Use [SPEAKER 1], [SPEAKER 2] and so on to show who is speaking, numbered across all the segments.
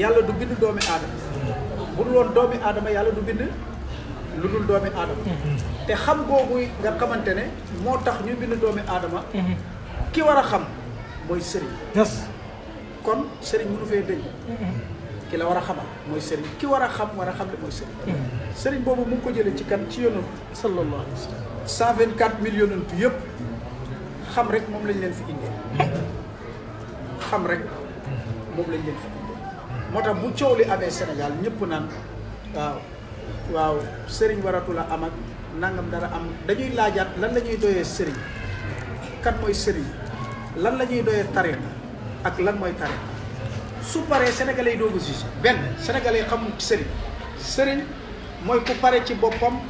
[SPEAKER 1] yàlla du bind doomi aadama bu dul doomi aadama yàlla du bind lu dul doomi aadama mm-hmm. te xam googu nga xamante ne moo tax ñu bind doomi aadama mm-hmm. ki war a xam mooy sëriñ kon sëriñ nu fee dëñ mm-hmm. ki la war a xamal mooy sëriñ ki war a xam war a xam ne mooy sëriñ sëriñ boobu mu ko jëlee ci kan ci yonent sallallahu alayhi wa sallam cent vingt quatre mille yonent xam rek moom lañ leen fi indee xam rek moom lañ leen fi moo tax bu coow li amee Sénégal ñëpp naan waaw waaw sëriñ waratula am ak nangam dara am dañuy laajaat lan la ñuy doyee sëriñ kan mooy sëriñ lan la ñuy doyee tariq ak lan mooy tariq su paree sénégalais yi doogu juge benn sénégalais yi sëriñ sëriñ mooy ku pare ci boppam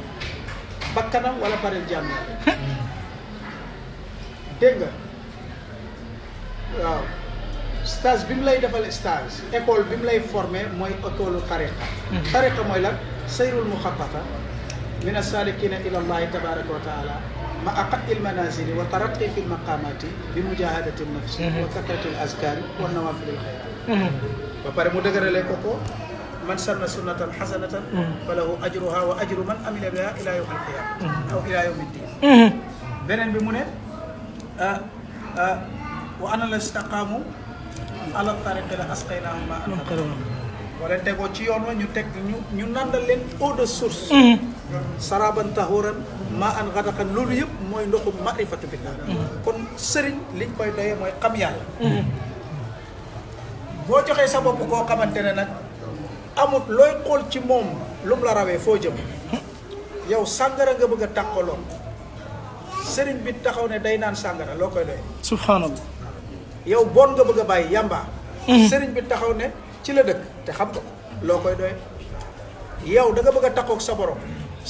[SPEAKER 1] bakkanam wala pare jàmm dégg nga waaw stage bi mu lay defal stage école bi mu lay formé moy école tariqa tariqa moy lan sayrul mukhaffafa min as-salikin ila allah tabaarak wa taala ma al-manazil wa taraqi fi al-maqamat bi mujahadati an-nafs wa kathrati al-azkar wa nawafil al lxayrat ba pare mu dëgërale ko ko من سن سنة حسنة فله أجرها وأجر من عمل بها إلى يوم القيامة أو إلى يوم الدين. بنن بمنى وأنا لا استقاموا ala tariqi la naa maa'an yumtaruun wala tegoo ci yoon wa ñu teg ñu ñu nandal leen eau de source mm-hmm. saraban tahuran maa an gadaqan loolu yëpp mooy ndoxu marifatu billah mm-hmm. kon sëriñ liñ koy doyee mooy xam yàlla mm-hmm. boo joxee sa bopp koo xamante ne nag amut looy xool ci moom lu la rawee foo jëm yow sàngara nga bëgg a tàqaloon sëriñ bi taxaw ne day naan sàngara loo koy doyee subhanallah yow bon nga bëgg a bàyyi yàmbaa sëriñ bi taxaw ne ci la dëkk te xam nga loo koy doy yow da nga bëgg a takkook sa borom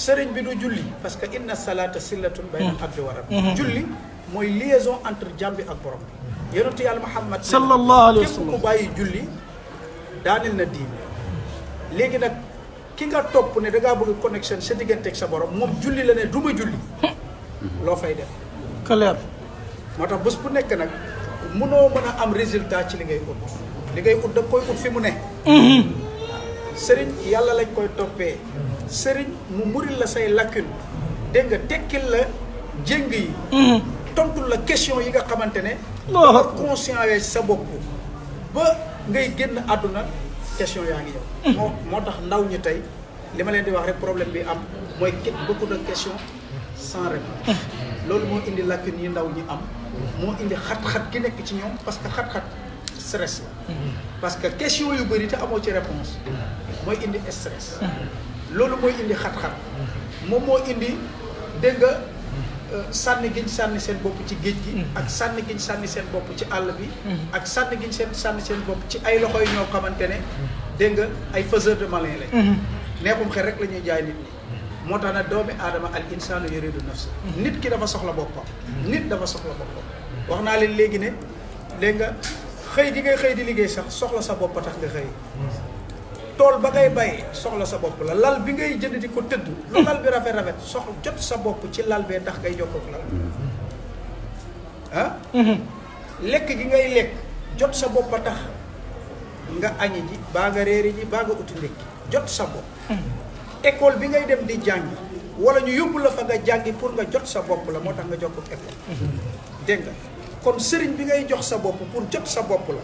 [SPEAKER 1] sëriñ bi du julli parce que inna salaata sillatun bayna hmm. abdi wa rabbi hmm. julli mooy liaison entre jàmbi ak borom bi yonentu yàlla Muhammad sallallahu alayhi wa sallam képp bàyyi julli daanil na diine léegi nag ki nga topp ne da ngaa bëgg connexion sa diggante ak sa borom moom julli la ne du julli hmm. loo fay def clair moo tax bés bu nekk nag munoo mën a am résultat ci li ngay ut li ngay ut da koy ut fi mu ne mhm. sëriñ yàlla lañ koy toppee sëriñ mu muril la say lacune dégg nga tekkil la jéng yi mhm. tontul la question yi nga xamante ne ba conscient wee sa bopp ba ngay génn àdduna question yaa ngi yow mhm. moo tax ndaw ñi tey li ma leen di wax rek problème bi am mooy képp beaucoup de questions sans réponse loolu moo indi lacune yi ndaw ñi am moo indi xat-xat gi nekk ci ñoom parce que xat-xat stress parce que question yu bëri te amoo ci réponse mooy indi stress loolu mooy indi xat-xat moom moo indi dégg nga euh, sànni giñ sànni seen bopp ci géej gi ak sànni giñ sànni seen bopp ci àll bi ak sànni giñ seen sànni seen bopp ci ay loxo yu ñoo xamante ne dégg nga ay faiseurs de malin lañ neexum xel rek la ñuy jaay nit moo tax nag doomi aadama al insaanu yuridu nafsa nit ki dafa soxla boppam nit dafa soxla boppam wax naa leen léegi ne léegi nga xëy di ngay xëy di liggéey sax soxla sa bopp tax nga xëy tool ba ngay bay soxla sa bopp la lal bi ngay jënd di ko tëdd lu lal bi rafet rafet soxla jot sa bopp ci lal bee ndax ngay jokkook lal ah mhm. lekk gi ngay lekk jot sa bopp a tax nga añi ji baa nga réeri ji jot sa bopp mhm. école bi ngay dem di jàngi wala ñu yóbbu la fa nga jàngi pour nga jot sa bopp la moo tax nga jokkook école mhm. dégg kon sëriñ bi ngay jox sa bopp pour jot sa bopp la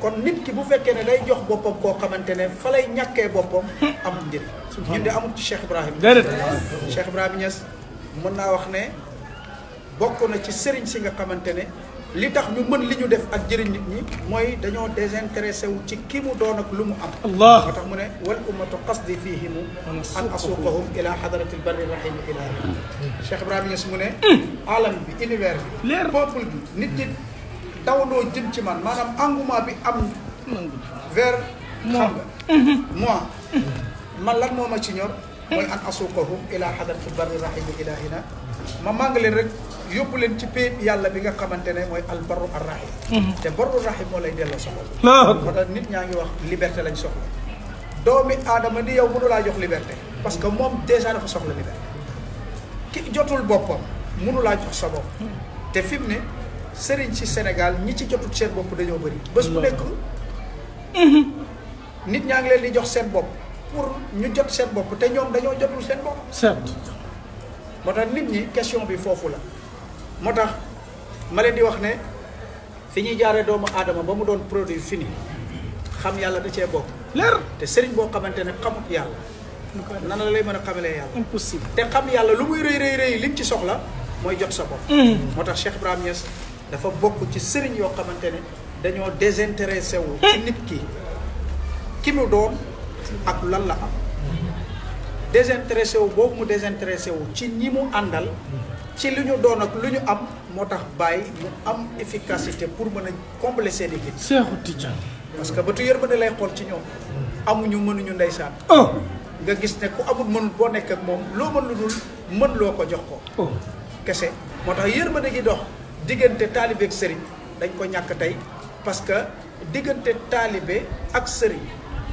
[SPEAKER 1] kon nit ki bu fekkee ne day jox boppam koo xamante ne fa lay ñàkkee boppam amul njëriñ ñun de amul ci Cheikh Ibrahim déedéet Cheikh Ibrahim Niass mën naa wax ne bokk na ci sëriñ si nga xamante ne li tax ñu mën li ñu def ak jëriñ nit ñi mooy dañoo désintéressé wu ci ki mu doon ak lu mu am allah moo tax mu ne wal ummatu qasdi fihim an asuqahum ila hadrati lbarri rahimi ilahi Cheikh Ibrahima Niass mu ne alam bi univers bi leer peuple bi nit ñi dawloo jëm ci man maanaam engouement bi am vers xam nga moi man lan moo ma ci ñor mooy an asuqahum ila hadrati lbarri rahimi ilahina ma maa ngi leen rek yóbbu leen ci pay yàlla bi nga xamante ne mooy al albarru arrahim mhm. te barru rahim moo lay delloo soxla moo nit ñaa ngi wax liberté lañ soxla doomi aadama ni yow mënu laa jox liberté parce que moom déjà dafa soxla liberté ki jotul boppam mënu laa jox sa bopp mhm. te fi mu ne sëriñ si Sénégal ñi ci jotul seen bopp dañoo bëri bés mu nekk mhm. nit ñaa ngi leen di jox seen bopp pour ñu jot seen bopp te ñoom dañoo jotul seen bopp certes moo tax nit ñi question bi foofu la moo tax ma leen di wax ne fi ñuy jaaree doomu aadama ba mu doon produit fini xam yàlla da cee bokk. leer te sëriñ boo xamante ne xamut yàlla. nan la lay mën a xamalee yàlla. impossible te xam yàlla lu muy rëy rëy rëy li mu ci soxla mooy jot sa bopp. Mm. moo tax Cheikh Ibrahima dafa bokk ci sëriñ yoo xamante ne dañoo désintéressé wu. ci nit ki ki mu doon ak lan la am. désintéressé wu boobu mu désintéressé wu ci ñi mu àndal. ci lu ñu doon ak lu ñu am moo tax bàyyi ñu am efficacité pour mën a combler seeni i vide. Seexu Tijaan. parce que ba tu yërmande lay xool ci ñoom. amuñu mënuñu ndeysaan. Oh. nga gis ne ku amul mënul boo nekk ak moom loo mën lu dul mën loo ko jox ko. Oh. kese moo tax yërmande gi dox diggante taalibe ak sëriñ dañ ko ñàkk tey parce que diggante taalibe ak sëriñ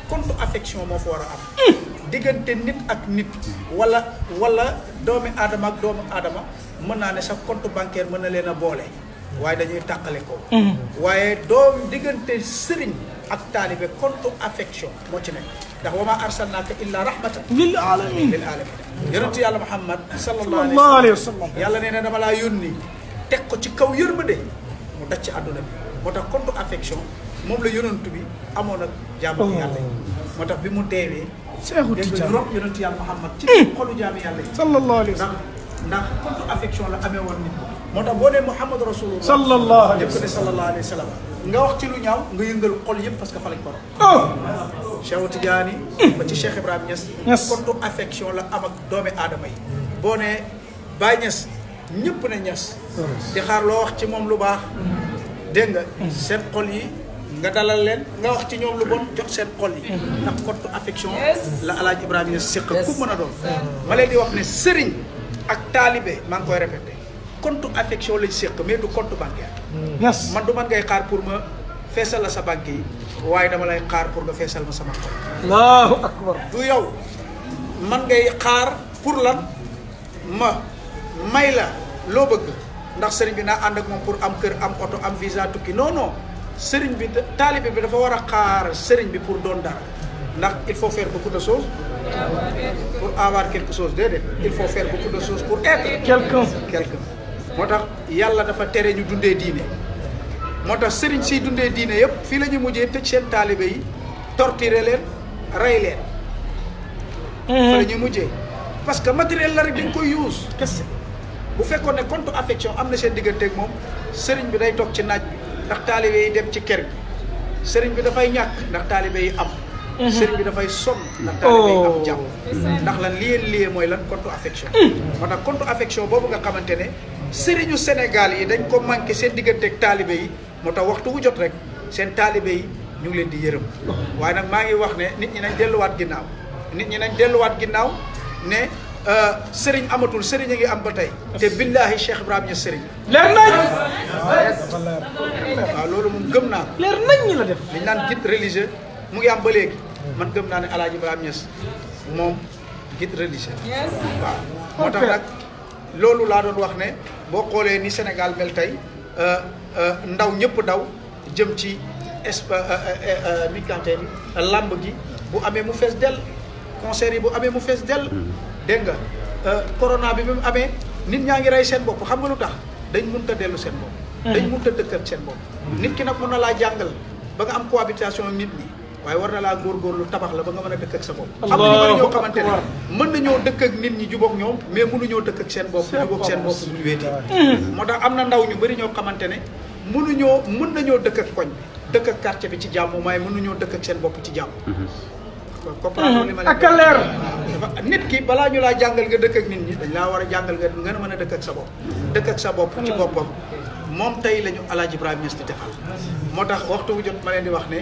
[SPEAKER 1] compte affection moo fa war a am. Hmm. diggante nit ak nit. wala wala doomi aadama ak doomu aadama. mën naa ne sa compte bancaire mën na leen a boole mm-hmm. waaye dañuy tàqale ko mm-hmm. waaye doom diggante sëriñ ak taalibe compte affection moo ci nekk ndax wa maa arsalnaaka illa rahmatan lil alamin lil alamin yonent yàlla muhammad sallallahu alayhi wa sallam yàlla nee na dama laa yónni teg ko ci kaw de mu daj ci àdduna bi moo tax compte affection moom la yonent bi amoon ak jaamu oh. yàlla yi moo tax bi mu deewee dégg rob yonent yàlla muhammad ci eh. xolu jaamu yàlla yi sallallahu alayhi wa sallam ndax contre affection la amee woon nit moo tax boo nee Mouhamadou Rasulullah sallallahu alayhi wa sallallahu alayhi wa sallam nga wax ci lu ñaaw nga yëngal xol yëpp parce que fa lañ ko oh! rob Cheikh Tidiane ma hmm. ci Cheikh Ibrahima Niass contre affection la am ak doomi aadama yi boo nee Baye Niass ñëpp ne Niass hmm. di xaar loo wax ci moom lu baax dégg nga hmm. seen xol yi nga dalal leen nga wax ci ñoom lu bon jox seen xol yi ndax contre affection la alaaj Ibrahima Niass séq ku mën a doon ma leen di wax ne sëriñ ak taalibe maa ngi koy répété compte affection lañ séq mais du conte bancaire. Hmm. man du man ngay xaar pour ma feesal la sa banque yi waaye dama lay xaar pour nga feesal ma sama compte. allahu akbar du yow man ngay xaar pour lan ma may la loo bëgg ndax sëriñ bi naa ànd ak moom pour am kër am oto am visa tukki non non sëriñ bi taalibe bi dafa war a xaar sëriñ bi pour doon dara ndax il faut faire beaucoup de choses. pour avoir quelque chose déedéet il faut faire beaucoup de choses pour être quelqu'un quelqu'un Motax yalla dafa téré ñu dundee diiné. Motax tax sëriñ siy dundee diine yëpp fii la ñu mujjee tëj seen taalibe yi torturer leen rey leen fa ñu mhm. parce que matériel la rek dañ koy use kese bu fekkoon ne compte affection am na seen ak moom sëriñ bi day toog ci naaj bi ndax taalibe yi dem ci kër gi sëriñ bi dafay ñàkk ndax taalibe yi am sëriñ bi dafay sonn mm. ndax taalibe yi am oh. jàmm mm. ndax lan liee liee mooy lan compte affection mm. moo tax compte affection boobu nga xamante ne sëriñu Sénégal yi dañ ko manqué seen digganteeg taalibe yi moo tax waxtu wu jot rek seen taalibe yi ñu ngi leen di yërëm waaye nag maa ngi wax ne nit ñi nañ delluwaat ginnaaw nit ñi nañ delluwaat ginnaaw ne euh, sëriñ amatul sëriñ a ngi am ba tey te billaahi Cheikh Ibrahima ña sëriñ leer nañ waaw loolu moom gëm naa leer dañ naan guide mu ngi am ba léegi man gëm naa ne El Hadj Ibrahima Niass moom guide religieux. waaw moo tax nag loolu laa doon wax ne boo xoolee ni Sénégal mel tey euh, euh, ndaw ñëpp daw jëm ci esp euh, mi làmb gi bu amee mu fees dell concert bu amee mu fees dell. Mm-hmm. dégg nga corona bi bi mu nit ñaa ngi rey seen bopp xam nga lu tax dañ mënut dellu seen bopp. Mm-hmm. dañ mënut seen bopp. nit ki nag mën na laa jàngal ba nga am cohabitation nit ñi. waaye war na laa góorgóorlu tabax la ba nga mën a dëkk ak sa bopp am na ñu ne mën nañoo dëkk ak nit ñi jubóog ñoom mais mënuñoo dëkk ak seen bopp seen bopp ñu wéete mm-hmm. moo tax am na ndaw ñu bëri ñoo xamante ne mënuñoo mën nañoo dëkk ak koñ bi dëkk ak quartier bi ci jàmm waaye mënuñoo dëkk ak seen bopp ci jàmm mm-hmm. comprendre li ma ak leer nit ki balaa ñu laa jàngal nga dëkk ak nit ñi dañ laa war a jàngal nga nga mën a dëkk sa bopp mm-hmm. dëkk ak sa bopp ci boppam moom tey la ñu Alaaji Ibrahima Niass di defal moo tax waxtu wu jot ma leen di wax ne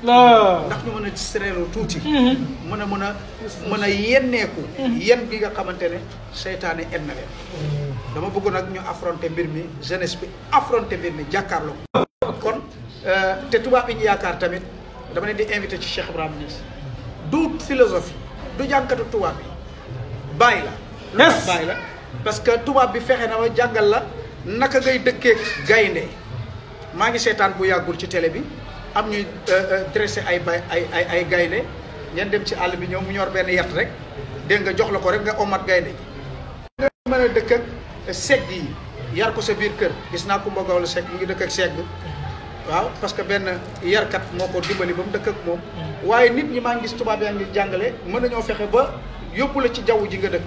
[SPEAKER 1] ndax ñu mën a sereelu tuuti mhm. mën a mën a mën a yenneeku yen bi nga xamante ne seytaane en dama bëgg nag ñu affronter mbir mi jeunesse bi affronter mbir mi jàkkaarloo kon euh, te tubaab yi ñu yaakaar tamit dama leen di invité ci Cheikh Ibrahima Niass du philosophie du jànkatu tubaab bi bàyyi la lu bàyyi la parce que tubaab bi fexe na ma jàngal la naka ngay dëkkee gaynde maa ngi seetaan bu yàggul ci télé bi am ñuy euh, euh, dressé ay bay ay ay ay gaynde ngeen dem ci àll bi ñëw mu ñor benn yat rek dégg nga jox la ko rek nga omat gaynde nga mën a dëkk ak segg yi yar ko sa biir kër gis naa Kumba Gawlo Seck mu ngi dëkk ak segg waaw parce que benn yarkat moo ko dimbali ba mu dëkk ak moom waaye nit ñi maa ngi gis tubaab yaa ngi jàngale mën nañoo fexe ba yóbbu la ci jaw ji nga dëkk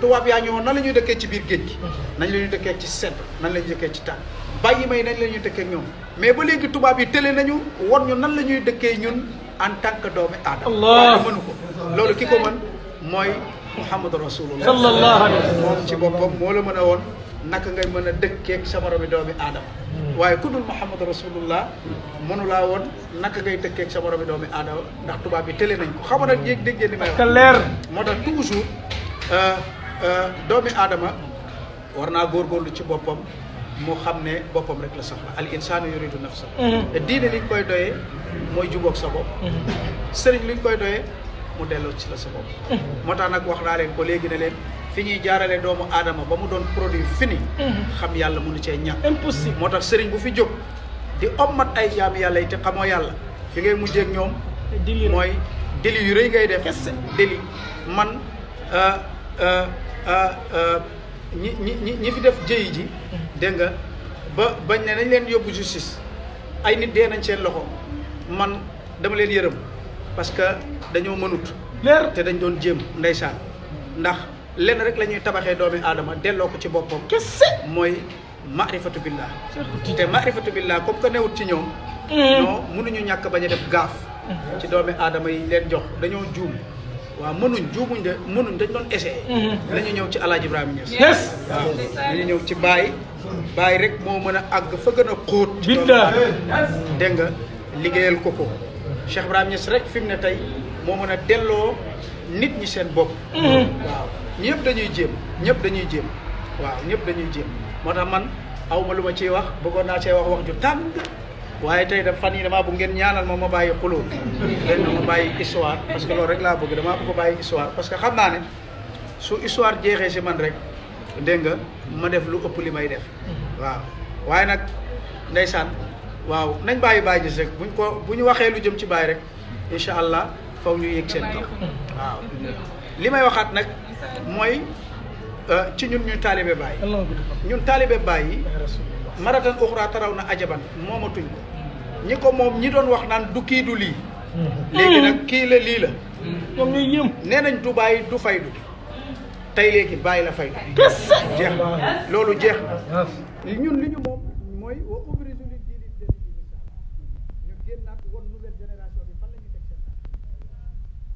[SPEAKER 1] tubaab yaa ñëwoon nan la ñuy dëkkee ci biir géej gi mm-hmm. nañ la ñuy dëkkee ci sedd nan la ñuy dëkkee ci tànn bàyyi may nañ la ñuy dëkkee ñoom mais ba léegi tubaab yi tële nañu woon ñu nan la ñuy dëkkee ñun en tant que doomi aadama waaye mënu ko loolu ki ko mën mooy muhammadu rasulullah sallallahu alayhi wa sallam moom ci moo la mën a woon naka ngay mën a dëkkeeg sa moromi doomi aadama hmm. waaye ku dul muhammadu rasulullah mënu laa woon naka ngay dëkkeeg sa moromi doomi aadama ndax tubaab yi tële nañ ko xam nga yéeg dégg ngeen li may wax leer moo tax toujours euh, euh, doomi aadama war naa góorgóorlu ci boppam mu xam ne boppam rek la soxla al insaanu yuridu nafsa mhm. te diine liñ koy doyee mooy jubóog sa bopp mhm. sëriñ liñ koy doyee mu delloo ci la sa bopp mhm. moo tax nag wax naa leen ko léegi ne leen fi ñuy jaarale doomu aadama ba mu doon produit fini xam yàlla mënu cee ñàkk impossible moo tax sëriñ bu fi jóg di ommat ay jaam yàlla yi te xamoo yàlla fi ngay mujjeeg ñoom mooy déli yu rey ngay def déli man euh, euh, euh, ñi ñi ñi fi def jëyi ji dégg nga ba bañ ne nañ leen yobbu justice ay nit dee nañ seen loxo man dama leen yeureum parce que dañoo mënut. leer te dañ doon jëm ndaysan ndax lenn rek lañuy tabaxé doomi adama delloo ko ci bopom kese moy ma'rifatu billah. te ma'rifatu billah comme ko newut ci ñoom. non mm. mënuñu ñàkk bañ a def gaaf. Mm-hmm. ci doomi adama yi leen jox dañoo joom wa mënuñ juumuñ de mënuñ dañ doon essayer lañu mm-hmm. ñu ñëw ci El ibrahim yes lañu la ñëw ci Baye bay rek mo meuna ag fa geuna xoot xóot. bidda dégg nga liggéeyal ko ko Cheikh Ibrahim ness rek fimne tay mo meuna moo nit ñi seen bop mhm. ñepp dañuy jëm ñepp dañuy jëm waaw ñepp dañuy jëm motax man awma luma ci ma ciy wax bëggoon ci wax wax ju tang waye tay dafa fan dama bu ngeen ñaanal mo ma bàyyi xulu leen na ma histoire parce que lool rek la bëgg damaa bëgg bàyyi histoire parce que xam naa ne su histoire jeexee ci man rek dégg nga ma def lu ëpp li may def mhm. waaw waaye nag ndeysaan waaw nañ bàyyi bàyyi gis rek buñ ko bu ñu waxee lu jëm ci bàyyi rek incha allah faw ñu yëg seen kaw li may waxaat nag mooy euh, ci ñun ñu taalibe bàyyi ñun taalibe bàyyi maratan uxra taraw na ajaban moomatuñ ko ñi ko moom ñi doon wax naan du kii du lii mhm. léegi nag kii la lii la ñoom ñooy nee nañ du bàyyi du faydu tey léegi bàyyi la fay. jeex na loolu jeex na. ñun li ñu moom mooy wa ubri ñu diini ñu génnaat woon génération bi fan la ñuy teg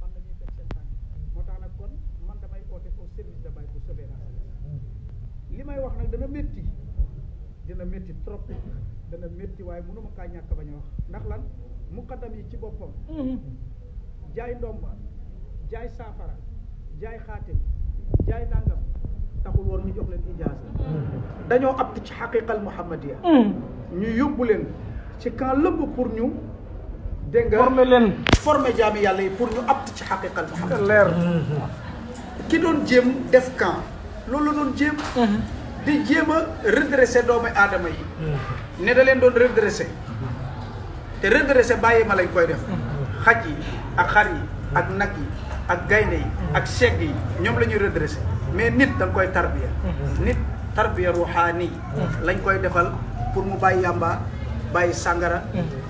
[SPEAKER 1] fan la ñuy teg seen tànk moo tax nag kon man damay oote au service de Baye pour sauver li may wax nag dana métti dina métti trop dana métti waaye mënu ma kaa ñàkk bañ a wax ndax lan muqaddam yi ci boppam. Mm-hmm. jaay ndomba jaay saafara jaay xaatim. jaay nangam taxul woon ñu jox leen ijaasa hmm. dañoo apt ci xaqiqal muhammadiya hmm. ñu yóbbu leen ci camp lëmb pour ñu dégg nga former leen former jaami yàlla yi pour ñu apt ci xaqiqal muhammadiya leer ki doon jéem def camp loolu doon jéem hmm. di jéem a redressé doomu aadama yi ne da leen doon redressé te redressé bàyyi ma lañ koy def xaj yi ak xar yi ak nag yi ak gaynde yi ak segg yi ñoom lañuy ñuy mais nit da koy tarbiya nit tarbiya ruuxaani lañ koy defal pour mu bàyyi yàmba bàyyi sàngara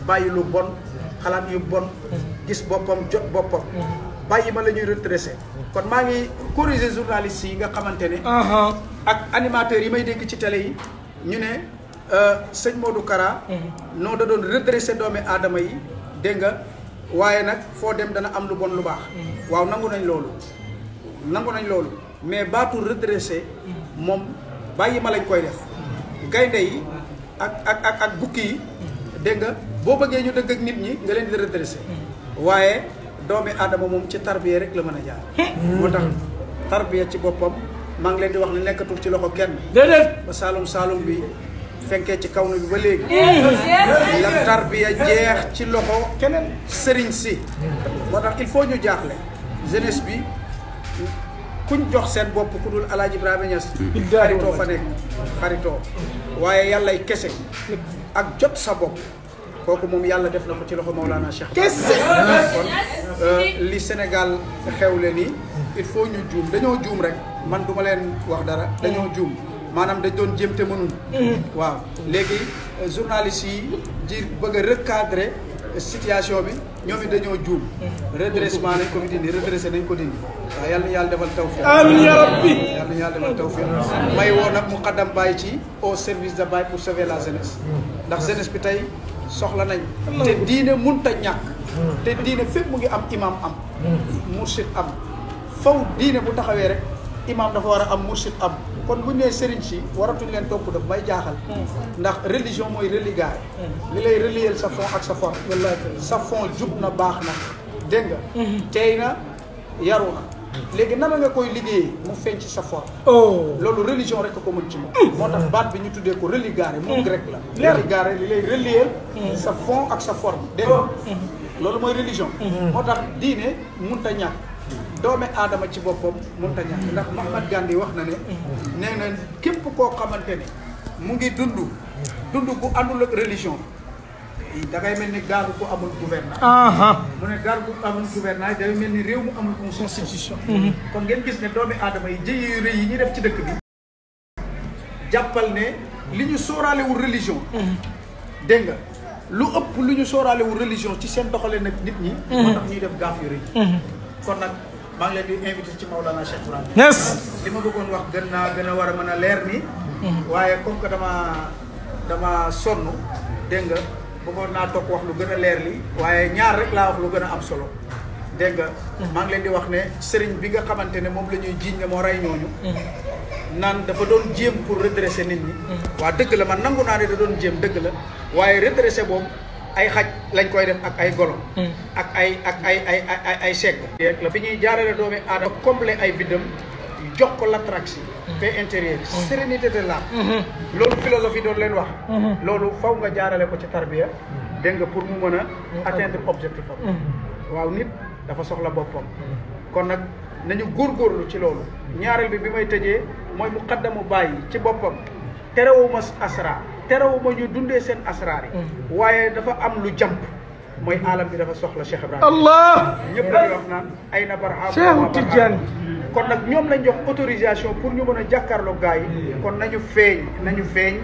[SPEAKER 1] bàyyi lu bon xalaat yu bon gis boppam jot boppam bàyyi ma la ñuy redressé kon maa ngi corriger journalistes yi nga xamante ne uh-huh. ak animateurs yi may dégg ci tele yi ñu ne euh, sëñ Modou Kara uh-huh. noo da doon redressé doomi aadama yi dégg nga waaye nag foo dem dana am lu bon lu baax uh-huh. waaw nangu nañ loolu nangu nañ loolu mais baatu redresser moom bàyyi ma lañ koy def gaynde yi ak ak ak ak bukki yi dégg nga boo bëggee ñu dëgg ak nit ñi nga leen di redresser waaye doomi aadama moom ci tarbiya rek la mën a jaar moo tax tarbiya ci boppam maa ngi leen di wax ne nekkatul ci loxo kenn déedéet ba saalum saalum bi fenkee ci kaw na bi ba léegi eh, eh, eh. la tarbiya jeex ci loxo keneen sëriñ si moo tax il faut ñu jaaxle jeunesse bi kuñ jox seen bopp ku dul El Hadj Ibrahima Niass. Mm. xaritoo fa nekk xaritoo waaye yàllay kese ak jot sa bopp kooku moom yàlla def na ko ci loxo Maulana Cheikh. kese kon euh, li Sénégal xewle nii il faut ñu juum dañoo juum rek man duma leen wax dara dañoo mm. juum. maanaam dañ doon jéem te mënul. Mm. waaw léegi euh, journaliste yi di bëgg a recadrer. situation bi ñoom it dañoo juum redressement nañ ko fi dindi redressé nañ ko dindi waaw yàlla na yàlla defal tawfiq amiin ya rabbi yàlla na yàlla defal tawfiq may woo nag mu xaddam bàyyi ci o service de Baye pour sauver la jeunesse ndax jeunesse bi tey soxla nañ te diine ta ñàkk te diine fépp mu ngi am imam am mursid am faw diine bu taxawee rek imam dafa war a am mursid am kon bu ñu nee sëriñ si waratuñ leen topp daf may jaaxal. ndax religion mooy religaay. li lay relier sa fond ak sa forme. sa fond jub na baax na dégg nga. na yaru na. léegi nga koy liggéeyee mu feeñ ci sa forme. Oh. loolu religion rek ko mën ci moom. Hmm. moo tax baat bi ñu tuddee ko religaare moom hmm. grec la. Hmm. religaare li lay relier. sa fond ak sa forme dégg nga. loolu mooy religion. moo tax diine mënut ñàkk. doomi aadama ci boppam mënta ñàkk ndax Mahatma Gandhi wax na ne nee na képp koo xamante ne mu ngi dund dund bu àndul ak religion da ngay mel ni gaal bu amul gouvernement mu ne gaal bu amul gouvernement day mel ni réew mu amul constitution mhm. kon ngeen gis ne doomi aadama yi jëye yu rëy yi ñu def ci dëkk bi jàppal ne li ñu sóoraalewul religion mhm. dégg nga lu ëpp lu ñu sóoraalewul religion ci seen doxale nag nit ñi moo mhm. tax ñuy def gaaf yu rëy kon nag maa ngi leen di invité ci Maulana Cheikh Ibrahim Niass li ma bëggoon wax gën naa gën a war a mën a leer nii waaye comme que dama dama sonn dégg nga bëggoon naa toog wax lu gën a leer li waaye ñaar rek laa wax lu gën a am solo dégg nga maa ngi leen di wax ne sëriñ bi nga xamante ne moom la ñuy jiiñ la moo rey ñooñu naan dafa doon jéem pour redresser nit ñi mm. waa dëgg la man nangu naa da doon jéem dëgg la waaye redresser boobu ay xaj lañ koy def ak ay golo hmm. ak ay ak ay ay ay ay segg rek la fi ñuy jaarale doomi adam complet ay biddam jox ko l'attraction fait hmm. intérieur hmm. sérénité de l'âme lolu philosophie do leen wax lolu faw nga jaarale ko ci tarbiya deng nga pour mu mën atteindre objectif waaw nit dafa soxla boppam kon nak nañu gor góorgóorlu ci lolu ñaaral bi bi may tëjee mooy mu xaddamu bàyyi ci boppam téréwuma asra terewuma ñu dundee seen asraar yi mm. waaye dafa am lu jàmp mooy mm. alam bi dafa soxla Cheikh Ibrahima allah ñëpp dañuy wax naan ay na barxaam Cheikh Tidiane kon nag ñoom lañ jox autorisation pour ñu mën a jàkkaarloo gaa yi mm. kon nañu feeñ nañu feeñ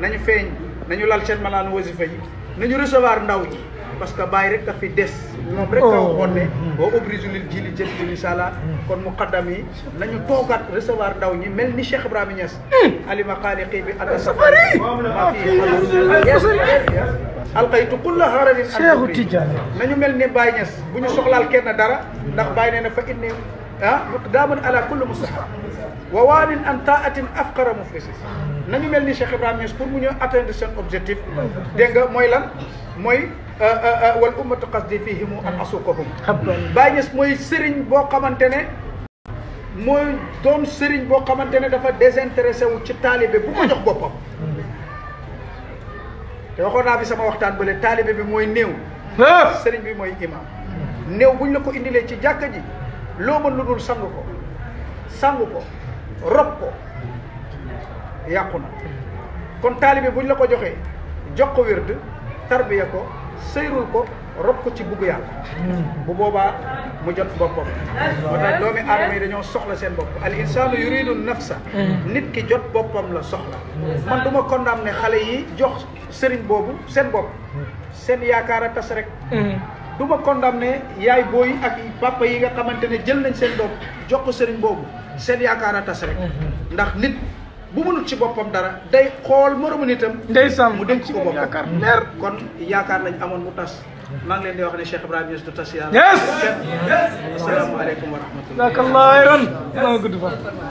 [SPEAKER 1] nañu feeñ nañu lal seen malaan wasifa yi nañu recevoir ndaw yi parce que bàyyi rek a fi des. moom rek a oh. waxoon ne. boo obligé li ji li jëm incha allah. kon muqaddam yi nañu toogaat recevoir ndaw ñi mel ni Cheikh Ibrahima Niass. Hmm. alima xaaliqi bi ak safari ma fi alqaytu kulla hararin Cheikhu Tidiane nañu mel ne Baye Niass bu ñu soxlaal kenn dara ndax Baye na fa inni ah daamun ala kulli mustahab wa waanin an taatin afqara muflisis mel ni Cheikh Ibrahima pour mu ñu atteindre seen objectif dégg nga mooy lan mooy والامه قصدي فيهم اسوقهم باينس موي سيرن بو خامتيني موي دون سيرن بو خامتيني دا فا ديزانتريسي و سي طالب بي بوكو جوخ بوبام تي واخو نافي سما وقتان بلي طالب بي موي نيو سيرن بي موي امام نيو بو نلاكو اندي لي سي جاكاجي لو من لودول سانغوكو سانغوكو ربكو ياكونا كون طالب بي بو نلاكو جوخي جوكو ويرد تربيه كو sëyrul ko rob ko ci bugg yàlla bu boobaa mu jot boppam moo tax doomi aadama yi dañoo soxla seen bopp al insaanu yuridu nafsa nit ki jot boppam la soxla man du ma condamné xale yi jox sëriñ boobu seen bopp seen yaakaar a tas rek du ma ne yaay booy ak papa yi nga xamante ne jël nañ seen doom jox sëriñ boobu seen yaakaar a tas rek ndax nit bu mënut ci boppam dara day xool moromu nitam. ndeysaan mu dem ci ko boppam leer kon yaakaar lañ amoon mu tas. maa ngi leen di wax ne Cheikh Ibrahima Niass du tas yàlla. yes. asalaamaaleykum wa rahmatulah.